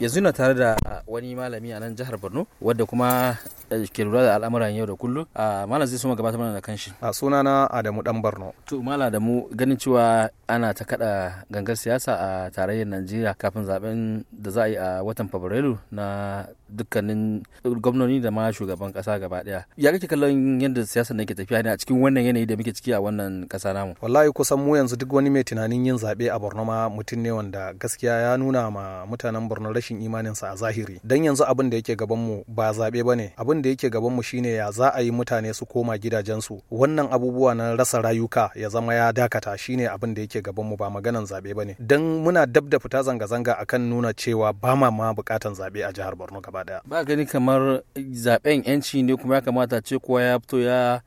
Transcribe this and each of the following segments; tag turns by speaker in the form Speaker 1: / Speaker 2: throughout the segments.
Speaker 1: yanzu na tare da wani malami a nan jihar borno wadda kuma eh, ke lura da al'amuran yau da kullum ah, malam zai so gabatar mana da kanshi a suna na adamu dan borno to malam adamu ganin cewa ana ta kada gangar siyasa a tarayyar najeriya kafin zaben da za a yi a watan fabrairu na dukkanin gwamnoni da ma shugaban kasa gaba daya ya kake kallon yadda siyasa ne ke tafiya ne a cikin wannan yanayi da muke ciki a wannan kasa namu
Speaker 2: wallahi kusan mu yanzu duk wani mai tunanin yin zabe a borno ma mutum ne wanda gaskiya ya nuna ma mutanen borno rashin rashin imaninsa a zahiri dan yanzu abin da yake gaban mu ba zaɓe ba ne abin da yake gaban mu shine ya za a yi mutane su koma gidajen su wannan abubuwa na rasa rayuka ya zama ya dakata shine abin da yake gaban mu ba maganan zaɓe ba ne dan muna dab da fita zanga-zanga akan nuna cewa ba ma ma bukatan zaɓe a jihar Borno gaba daya
Speaker 1: ba gani kamar zaɓen yanci ne kuma ya
Speaker 2: kamata ce kowa ya fito ya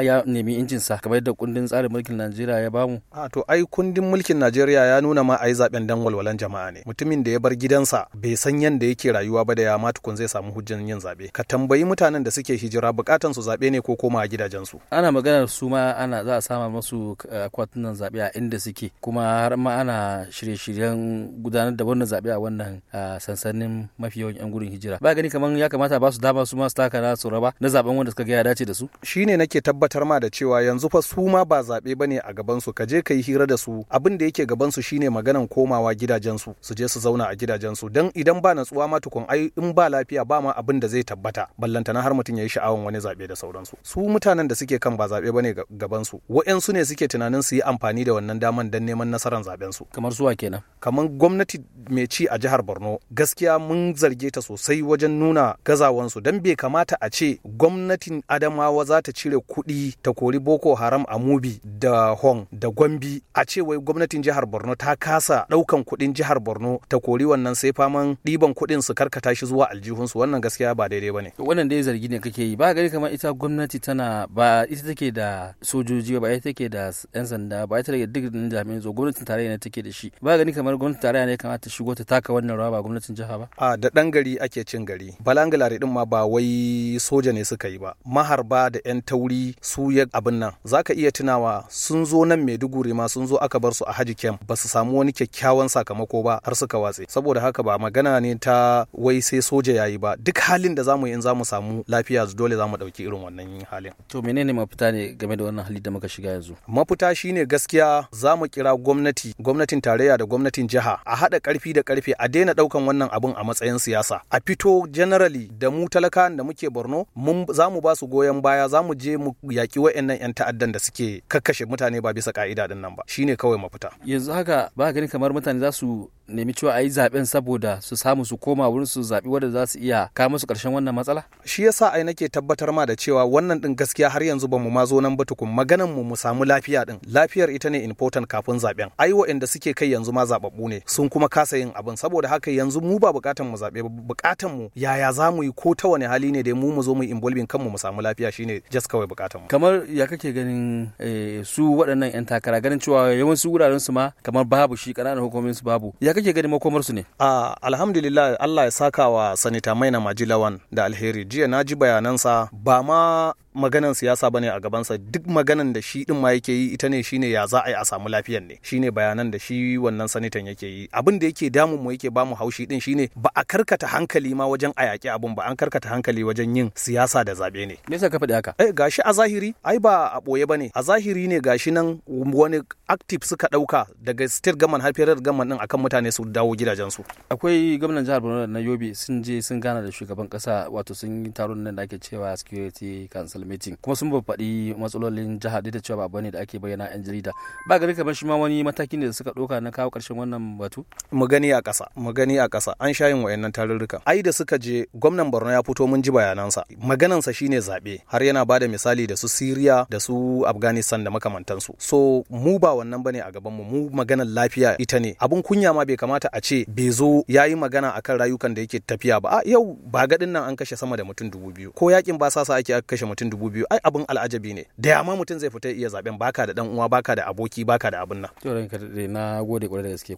Speaker 2: ya nemi injin sa kamar yadda kundin tsarin mulkin Najeriya ya bamu a to ai kundin mulkin Najeriya ya nuna ma a yi zaɓen dan walwalan jama'a ne mutumin da ya bar gidansa bai san yadda yake rayuwa ba da ya ma tukun zai samu hujjan yin zaɓe ka tambayi mutanen da suke hijira bukatan su zaɓe ne ko koma a gidajen su.
Speaker 1: ana maganar su ma ana za a sama masu eh, akwatunan zaɓe a inda suke kuma har ma ana shirye-shiryen gudanar da wannan zaɓe a wannan eh, sansanin mafi yawan yan gudun hijira
Speaker 2: ba gani kamar ya kamata ba su dama su ma su taka na su raba na zaben wanda suka ga ya dace da su shine nake tabbatar ma da cewa yanzu fa su ma ba zaɓe bane a gaban su ka je ka yi hira da su abin da yake gaban su shine maganan komawa gidajen su su je su zauna a gidajensu don dan idan ba natsuwa ma tukun ai in ba lafiya ba ma abin da zai tabbata ballantana har mutum yayi sha'awan wani zabe da sauransu su mutanen da suke kan ba zabe bane gaban su wa'ensu ne suke tunanin su yi amfani da wannan daman dan neman nasaran zaben su kamar suwa kenan kamar gwamnati mai ci a jihar Borno gaskiya mun zarge ta sosai wajen nuna gazawan su dan bai kamata a ce gwamnatin Adamawa za ta cire kuɗi ta kori Boko Haram a Mubi da Hong da Gombe a ce wai gwamnatin jihar Borno ta kasa ɗaukan kuɗin jihar Borno ta kori wannan sai fama daman ɗiban kuɗin su karkata shi zuwa aljihunsu wannan gaskiya ba daidai ba ne.
Speaker 1: Wannan dai zargi
Speaker 2: ne kake yi ba gani
Speaker 1: kamar ita gwamnati tana ba ita take da sojoji ba ita take da 'yan sanda ba ita
Speaker 2: take da duk jami'an zo gwamnatin tarayya ne take da shi
Speaker 1: ba gani kamar gwamnatin tarayya ne kamata shigo ta taka wannan rawa ba
Speaker 2: gwamnatin jiha ba. A da ɗan gari ake cin gari balangalare din ma ba wai soja ne suka yi ba maharba da 'yan tauri su ya abin nan zaka iya tunawa sun zo nan Maiduguri ma sun zo aka bar su a Haji kem ba su samu wani kyakkyawan sakamako ba har suka watse saboda haka ba magana ne ta wai sai soja yayi ba duk halin da zamu yi in zamu samu lafiya dole zamu dauki irin wannan halin to menene mafita ne game da wannan hali da muka shiga yanzu mafita shine gaskiya zamu kira gwamnati gwamnatin tarayya da gwamnatin jiha a hada karfi da karfe a daina daukan wannan abun a matsayin siyasa a fito generally da mu talakan da muke Borno mun zamu ba su goyon baya zamu je mu yaki wayannan yan ta'addan da suke kakkashe mutane ba bisa ka'ida din nan ba shine kawai mafita yanzu
Speaker 1: haka ba gani kamar mutane za su nemi cewa a yi zaɓen saboda su
Speaker 2: samu su koma wurin su zaɓi wanda za su iya kawo musu ƙarshen wannan matsala? Shi yasa ai ke tabbatar ma da cewa wannan ɗin gaskiya har yanzu ba mu ma zo nan ba tukun maganan mu mu samu lafiya din. Lafiyar ita ne important kafin zaɓen. Ai waɗanda suke kai yanzu ma zaɓaɓɓu ne sun kuma kasa yin abin saboda haka yanzu mu ba buƙatan mu zaɓe ba buƙatan mu yaya za mu yi ko ta wani hali ne dai mu mu zo mu involving kanmu mu samu lafiya shine just kawai buƙatan mu. Kamar ya kake ganin eh, su waɗannan 'yan takara ganin cewa yawansu wuraren su ma kamar babu shi ƙananan hukumomin su babu. kake gani su ne a alhamdulillah Allah ya saka wa sanita maina majilawan da alheri jiya na ji bayanansa ba ma maganan siyasa bane a gabansa duk maganan da shi din ma yake yi ita ne shine ya za a yi a samu lafiyan ne shine bayanan da shi wannan sanitan yake yi abin da yake damun mu yake bamu haushi din shine ba a karkata hankali ma wajen a yaƙi abin ba an karkata hankali wajen yin siyasa da zabe ne me yasa ka faɗi haka eh gashi a zahiri ai ba a boye bane a zahiri ne gashi nan wani active suka ɗauka daga state gaman har federal gaman din akan mutane su dawo gidajen su. akwai gwamnan
Speaker 1: jihar Borno na Yobe sun je sun gana da shugaban kasa wato sun yi taron nan da ake cewa security council meeting kuma sun faɗi matsalolin jihar da cewa ba bane da ake bayyana 'yan jarida ba gari
Speaker 2: kamar shi ma wani mataki da suka ɗauka na kawo ƙarshen wannan batu mu gani a ƙasa mu gani a ƙasa an sha yin wayannan tarurruka ai da suka je gwamnan Borno ya fito mun ji bayanansa maganansa shine zaɓe har yana ba da misali da su Syria da su Afghanistan da makamantansu so mu ba wannan bane a gaban mu mu maganar lafiya ita ne abun kunya ma bai kamata a ce bai zo yayi magana akan rayukan da yake tafiya ba a yau ba gadin nan an kashe sama da mutum dubu biyu ko yakin ba sasa ake kashe mutum dubu biyu ai abin al'ajabi ne da yamma mutum zai fita iya zaben baka da dan uwa baka da aboki baka da abin nan to ranka na gode kwarai da gaske